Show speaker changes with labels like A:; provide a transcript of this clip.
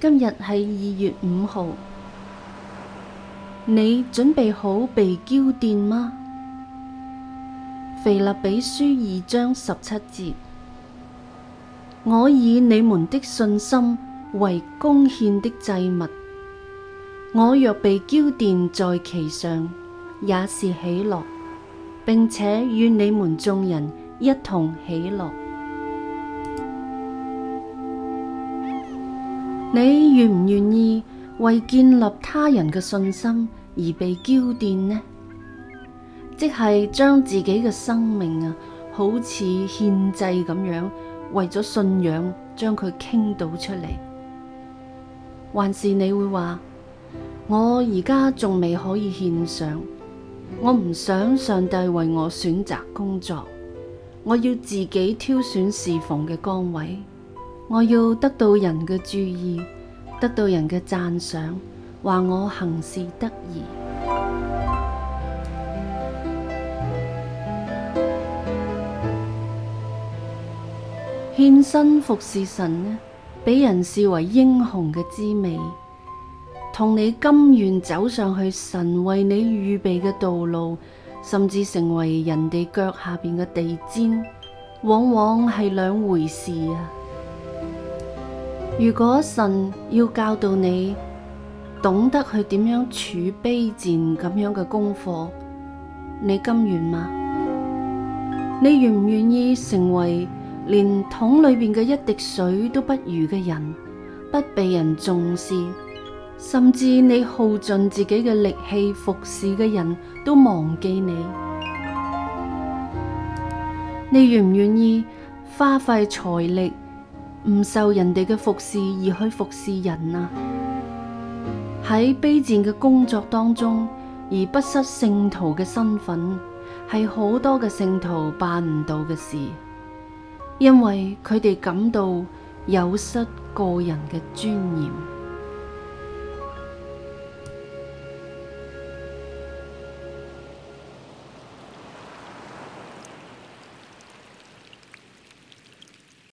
A: 今日係二月五號，你準備好被澆奠嗎？腓立比書二章十七節：我以你們的信心為供獻的祭物，我若被澆奠在其上，也是喜樂，並且與你們眾人一同喜樂。你願唔願意為建立他人嘅信心而被澆奠呢？即係將自己嘅生命啊，好似獻祭咁樣，為咗信仰將佢傾倒出嚟，還是你會話我而家仲未可以獻上，我唔想上帝為我選擇工作，我要自己挑選侍奉嘅崗位。我要得到人嘅注意，得到人嘅讚賞，話我行事得宜。獻 身服侍神呢，畀人視為英雄嘅滋味，同你甘願走上去神為你預備嘅道路，甚至成為人哋腳下邊嘅地氈，往往係兩回事啊！如果神要教導你懂得去點樣處卑賤咁樣嘅功課，你甘願嗎？你願唔願意成為連桶裏邊嘅一滴水都不如嘅人，不被人重視，甚至你耗盡自己嘅力氣服侍嘅人都忘記你？你願唔願意花費財力？唔受人哋嘅服侍而去服侍人啊，喺卑賤嘅工作當中而不失聖徒嘅身份，係好多嘅聖徒辦唔到嘅事，因為佢哋感到有失個人嘅尊嚴。